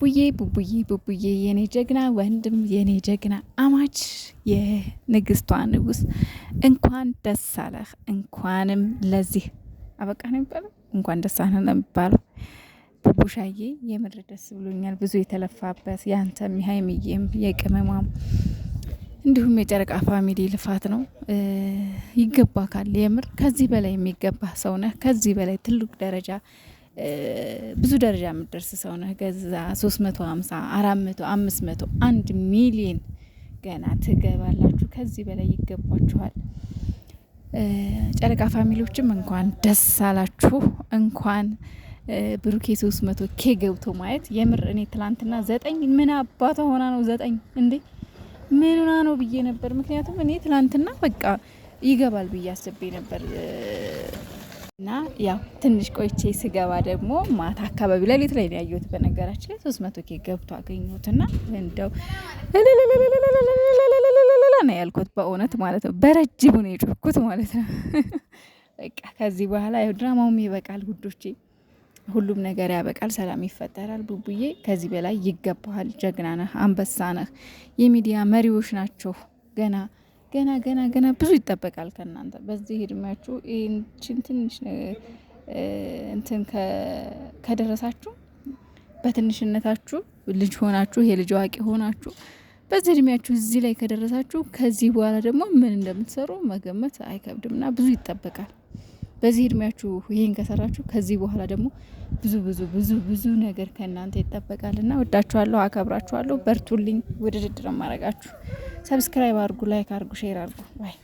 ቡዬ ቡቡዬ ቡቡዬ የኔ ጀግና ወንድም የኔ ጀግና አማች የንግስቷ ንጉስ እንኳን ደስ አለህ። እንኳንም ለዚህ አበቃ ነው የሚባለው፣ እንኳን ደስ አለ ነው የሚባለው። ቡቡሻዬ የምር ደስ ብሎኛል። ብዙ የተለፋበት የአንተም የሀይምዬም የቅመሟም እንዲሁም የጨረቃ ፋሚሊ ልፋት ነው። ይገባካል። የምር ከዚህ በላይ የሚገባ ሰው ነህ። ከዚህ በላይ ትልቅ ደረጃ ብዙ ደረጃ የምደርስ ሰው ነህ። ገዛ ሶስት መቶ ሀምሳ አራት መቶ አምስት መቶ አንድ ሚሊዮን ገና ትገባላችሁ። ከዚህ በላይ ይገባችኋል። ጨረቃ ፋሚሊዎችም እንኳን ደስ አላችሁ። እንኳን ብሩኬ ሶስት መቶ ኬ ገብቶ ማየት የምር እኔ ትላንትና ዘጠኝ ምን አባቷ ሆና ነው ዘጠኝ እንዴ ምን ሆና ነው ብዬ ነበር። ምክንያቱም እኔ ትላንትና በቃ ይገባል ብዬ አስቤ ነበር እና ያው ትንሽ ቆይቼ ስገባ ደግሞ ማታ አካባቢ ሌሊት ላይ ያየሁት። በነገራችን ላይ ሶስት መቶ ኬ ገብቶ አገኘሁትና እንደው ነው ያልኩት በእውነት ማለት ነው። ነው ማለት ነው። በቃ ከዚህ በኋላ ያው ድራማውም ይበቃል ጉዶቼ፣ ሁሉም ነገር ያበቃል፣ ሰላም ይፈጠራል። ቡቡዬ ከዚህ በላይ ይገባሃል። ጀግና ነህ፣ የሚዲያ መሪዎች ናቸው ገና ገና ገና ገና ብዙ ይጠበቃል ከእናንተ በዚህ እድሜያችሁ ይህችን ትንሽ እንትን ከደረሳችሁ በትንሽነታችሁ ልጅ ሆናችሁ ይሄ ልጅ አዋቂ ሆናችሁ በዚህ እድሜያችሁ እዚህ ላይ ከደረሳችሁ ከዚህ በኋላ ደግሞ ምን እንደምትሰሩ መገመት አይከብድምና ብዙ ይጠበቃል። በዚህ እድሜያችሁ ይህን ከሰራችሁ ከዚህ በኋላ ደግሞ ብዙ ብዙ ብዙ ብዙ ነገር ከእናንተ ይጠበቃልና ወዳችኋለሁ፣ አከብራችኋለሁ። በርቱልኝ። ውድድር ማረጋችሁ ሰብስክራይብ አድርጉ፣ ላይክ አድርጉ፣ ሼር አድርጉ ባይ